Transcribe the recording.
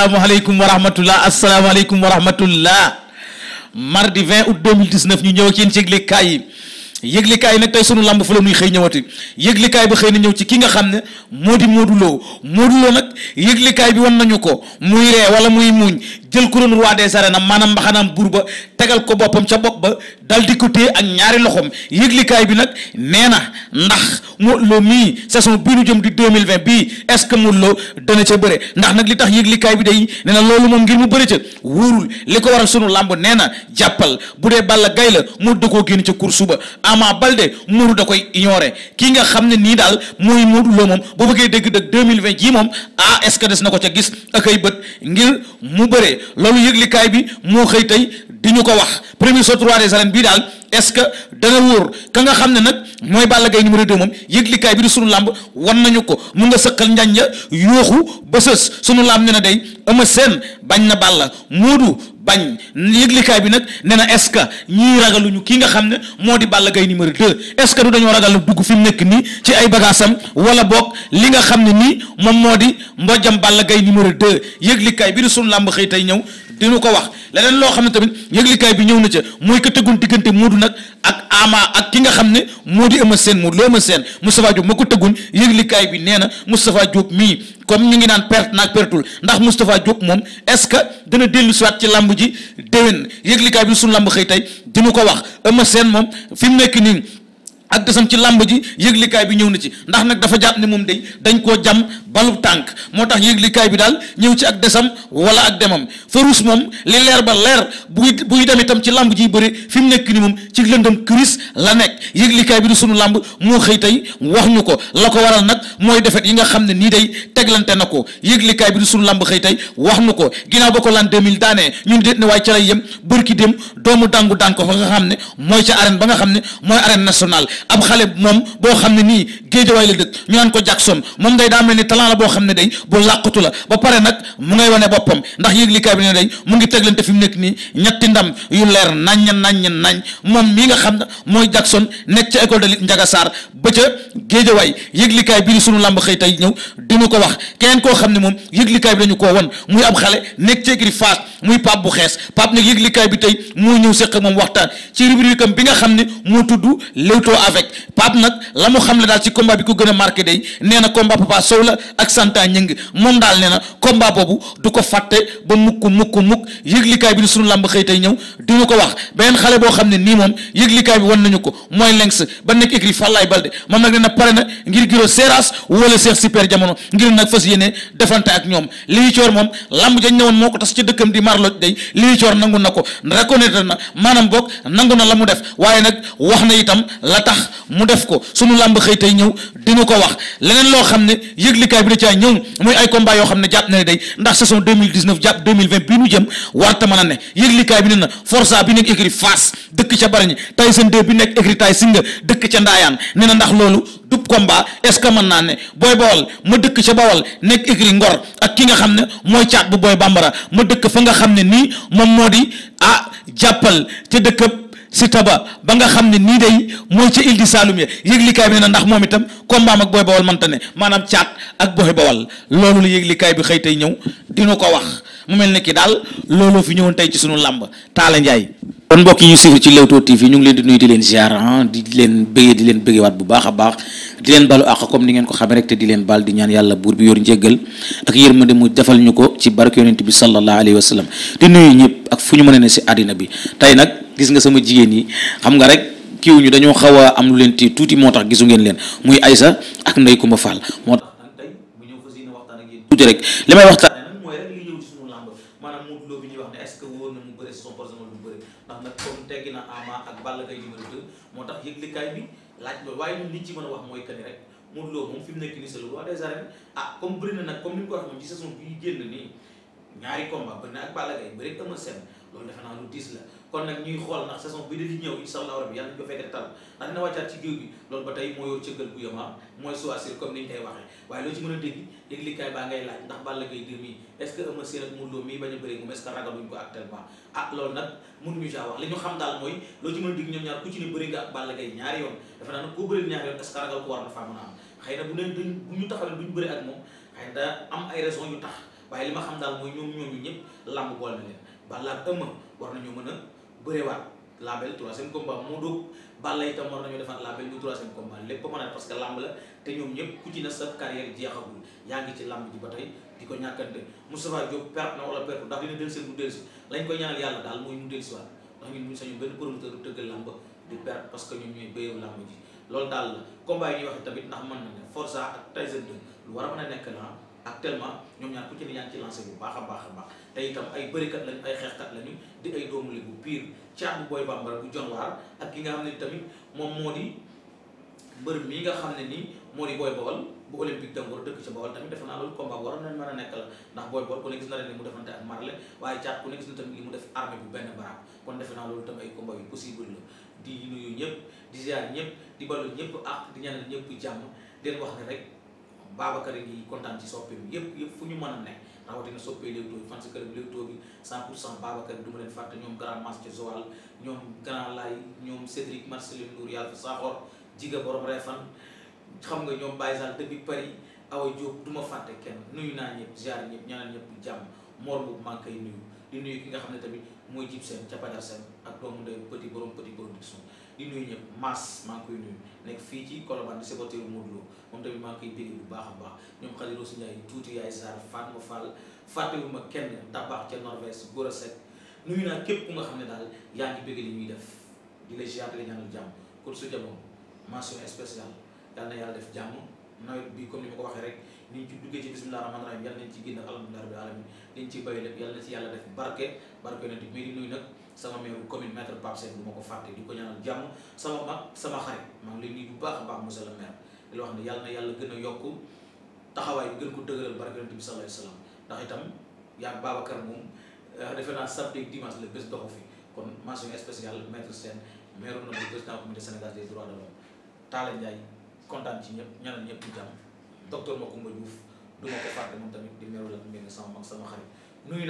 asalaamaaleykum wa rahmatullah asalaamaaleykum wa rahmatullah mardi 20 août 2019 ñu ñëw ak yéen ci yëglekaay yi nag tey sunu lamb fa la nuy xëy ñëwati yëglikaay bi xëy na ñëw ci ki nga xam ne moo di Modou Lo Modou Lo nag yëglikaay bi wan nañu ko muy ree wala muy muuñ jël couronne roi des arènes maanaam mbaxanaam buur ba tegal ko boppam ca bopp ba dal ko téye ak ñaari loxoom yëglikaay bi nag nee na ndax Modou Lo mii saison bii nu jëm di 2020 bii est-ce que Modou Lo dana ca bëre ndax nag li tax yëglikaay bi day nee na loolu moom ngir mu bëre ca wóorul li ko waral sunu làmb nee na jàppal bu dee Balla Gaye la mu da koo génn ca course ba Ama balde muru da koy ignorer kii nga xam ne nii daal mooy Modou Lo moom boo bëggee dégg dëgg 2020 jii moom ah, est-ce que des na ko ca gis akay bët ngir mu bëre loolu yëglikaay bi moo xëy tey di ñu ko wax premier sa trois des arènes bii daal est-ce que dana wóor ka nga xam ne nag mooy Balla Gaye numéro 2 moom yëglikaay bi di sunu làmb wan nañu ko mu nga sëqal njañ ya yooxu ba sës sunu làmb ne na day Eumeu seen bañ na Balla Modou bañ yëglikaay bi nag nee na est-ce que ñii ragaluñu kii nga xam ne moo di Balla Gaye numéro 2 est-ce que du dañoo ragal dugg fi mu nekk nii ci ay bagaasam wala boog li nga xam ne nii moom moo di mbojam Balla Gaye numéro 2 yëglikaay bi di sunu làmb xëy tey ñëw dinu ko wax leneen loo xam ne tamit yëglikaay bi ñëw na ca mooy ka tëggoon diggante Modou nag ak Ama ak ki nga xam ne moo di Eumeu Sène Modou Lo Eumeu Sène Moustapha Diop ma ko tëggoon yëglikaay bi nee na Moustapha Diop mii comme ñu ngi naan perte naag pertul ndax Moustapha Diop moom est-ce que dina dellu ci làmb ji déwén yëglikaay bi suñu làmb xëy tey dinu ko wax Eumeu Sène moom fi mu nekk nii ak desam ci làmb ji yëglikaay bi ñëw na ci ndax nag dafa jàpp ne moom day dañ koo jàmm balub tànk moo tax yëglikaay bi daal ñëw ci ak desam wala ak demam Farouz moom li leer ba leer buy buy dem itam ci lamb ji bëri fi mu nekk ni moom ci lëndëm kiris la nekk yëglikaay bi du sunu làmb moo xëy tey wax ñu ko la ko waral nag mooy defet yi nga xam ne nii day teglante na ko yëglikaay bi du sunu lamb xëy tey wax ñu ko ginnaaw ba ko lan 2000 daanee ñun déet ne waaye ca lay yem bërki dem doomu dàngu daan ko fa nga xam ne mooy ca arène ba nga xam ne mooy arène nationale ab xale moom boo xam ne nii géejawaay la dëkk ñu naan ko Jackson moom day daa mel talent la boo xam ne dañ bu làqatu la ba pare nag mu ngay wane boppam ndax yëglikaay bi ne dañ mu ngi teglante fi mu nekk nii ñetti ndam yu leer nañ nañ nañ moom mii nga xam ne mooy Jackson nekk ca école de lit Njaga Saar ba ca Géejawaay yëglikaay bi di sunu làmb xëy tey ñëw dinu ko wax keneen koo xam ne moom yëglikaay bi dañu koo won muy ab xale nekk ci écurie Fass muy Pape bu xees Pape nag bi tey moo ñëw séq moom waxtaan ci rubrique bi nga xam ne moo tudd Leewtoo avec Pape nag la mu xam ne daal ci combat bi ko gën a marqué day nee na combat Papa Sow la ak Santa Ñëng moom daal nee na combat boobu du ko fàtte ba mukk mukk mukk yëglikaay bi di sunu làmb xëy tey ñëw boo xam ne nii moom yëglikaay bi wan nañu ko mooy lengs ba nekk écrit Fallaay Balde moom nag na pare na ngir giro seeraas wala seex super jamono ngir nag fas yéene moo ko tas ci dëkkam di marloj day li ñu coor nangu na ko reconnaître na maanaam boog nangu na la mu def waaye nag wax na itam la tax mu def ko sunu làmb xëy tey ñëw dinu ko wax leneen loo xam ne yëglikaay kaay bi da caa ñëw muy ay combat yoo xam ne jàpp na ne day ndax saison 2019 jàpp bi ñu jëm warta mën a ne yëgli bi ne na força bi nekk écrit face dëkk ca barañi tay bi nekk écrit tay dëkk ca ndaayaan ne na ndax loolu dub combat est naa ne booy bawal ma dëkk ca bawal nekk écrit ngor ak ki nga xam ne mooy caat bu booy bambara ma dëkk fa nga xam ne nii moom moo di ah jàppal ca dëkkab Siteu ba ba nga xam ne nii day mooy ca île du Saloum ya yëglikaay bi ne na ndax moom itam combat am ak booy bawal mante ne maanaam caat ak booy bawal loolu la yëglikaay bi xëy tey ñëw dinu ko wax mu mel ne ki daal looloo fi ñëwoon tey ci sunu làmb Taala Njaay kon mbokk ñu suivre ci Leewtoo ñu ngi leen di nuyu di leen ziar ah, leen bëggee di leen baax leen balu àq comme ni ngeen ko xamee rek te di leen baal di ñaan yàlla buur bi yor njéggal ak yërmande mu defal ñu ko ci barke yonent bi sallallahu alayhi wa sallam di nuyu ñëpp ak fu ñu mën a ne si àddina bi tey nag gis nga sama jigéen yi xam nga rek kiiw ñu dañoo xaw a am lu leen ti tuuti moo tax gisu ngeen leen muy Aïssa ak Ndeye Coumba Fall moo tax nag tey mu ñëw waxtaan ak yéen tuuti rek li may waxtaan nag mooy rek maanaam Lo bi ñuy wax ne ce que wóor na mu bëre son personnel mu bëre ndax nag na Ama ak Balla Gaye numéro 2 moo tax yëglikaay bi laaj loolu waaye ñun liñ ci mën a wax mooy que rek Modou Lo moom fi mu nekk nii c'est le roi des arènes ah comme bëri na nag comme ni mu ko wax moom ci saison bi ñu génn nii ñaari combat bëri na ak Balla Gaye bëri ak Eumeu Sène loolu defe naa lu diis la kon nag ñuy xool ndax saison bi di ñëw incha allah rabi yàlla nañu ko fekk tal ndax dina wàccaat ci géew gi loolu ba tey mooyoo cëggal bu yema ah. mooy choisir comme ni ñu koy waxee a dégg léegi li kaay baa ngay laaj ndax Balla a bëri moom est ce que ah, loolu ñu xam daal mooy ci mën a dégg ñoom ñaar ku ci ne bëri nga ak Balla Gaye yoon dafa naa nag koo bëri ñaari yoon est ragal ko war na faa mën a am xëy na bu ne duñ ñu taxawee duñ bëri ak moom xëy na am ay raison yu tax waaye li ma xam daal mooy ñoom ñooñu ñëpp lamb bool na leen Balla ak Eumeu war nañoo mën a bërewaat label troisième combat moo dóog Balla itam war nañoo defaat label bu troisième combat lépp mën a parce que lamb la te ñoom ñëpp ku ci na sa carrière jeexagul yaa di ko na wala perte yàlla daal mooy mu del si parce que ñoom ñooy béyew lamb ji loolu daal la combat yi ñuy wax tamit ndax mën na ne Forza ak Tyson lu war a mën a nekk la actuellement ñoom ñaar ku ci ne yaa ci lancé bu baax a baax a baax te itam ay bërikat lañ ay xeexkat lañu di ay doomu li bu pire caat bu booy bambara bu jonwaar ak ki nga xam ne tamit moom moo di mbër mi nga xam ne nii moo di booy bawal bu olympique dangor dëkk ci bawal tamit defe naa loolu combat waroon nañ mën a nekk ndax booy bawal ku ne gis na ren ni mu defante ak marle waaye caat ku ne gis na tamit li mu def armée bu benn baraab kon defe naa loolu tamit ay combat yu possible la di nuyu ñëpp di ziar ñëpp di balu ñëpp di ñaanal ñëpp jàmm den ne rek Babacar a ngi kontaan ci soppeem yëpp yëpp fu ñu mën a ne rawatina soppee Leewtoo bi fan si këram Leewtoo bi 100 pour cent Babacar bi du ma leen fàtte ñoom grand mas ci Joal ñoom grand lay ñoom Cédric Marcelin Ndour yàlla fa saaxoor jiga borom reefan xam nga ñoom Baye Sall depuis Paris Awa Diop du ma fàtte kenn nuyu naa ñëpp ziar ñëpp ñaanal ñëpp jàmm moor boobu maa ngi nuyu di nuyu ki nga xam ne tamit mooy jib seen ca Pajar seen ak doomu ndey petit borom petit di nuyu ñëpp Mass maa ngi koy nuyu nekk fii ci Colobane di supporter Modou Lo moom tamit maa koy dégg bu baax a baax ñoom xali Rosu Ndiaye tuuti yaay Sarr Fatma Fall fàttewuma kenn tabax ca Norvège Gora Seck nuyu naa képp ku nga xam ne daal yaa ngi bëgg li ñuy def di la ziar di la ñaanal jàmm kon su jamono mention spéciale yal na yàlla def jàmm nawet bi comme ni ma ko waxee rek ni ñu ci duggee ci bismillah rahmaan rahim yal nañ ci génn alhamdulilah rabbil na ci yàlla def barke barke yonent bi mais di nuyu sama maire commune maître Pape Sène du ma ko fàtte di ko ñaanal jàmm sama mag sama xarit maa ngi lay nuyu bu baax a baax monsieur le maire di la ne yàlla na yàlla gën a yokk taxawaay bi gën ko dëgëral barke yonent bi sallallahu alayhi wasallam ndax itam yaa Babacar moom euh, defe naa samedi dimanche la bés doxu fi kon mention spéciale maître seen maire na bu président comité Sénégal des droits de l'homme Talla Ndiaye kontaan ci ñëpp ñaanal ñëpp di jàmm docteur Macoumba Diouf du ma ko fàtte moom tamit di meeru la mel ni sama mag sama xarit nuyu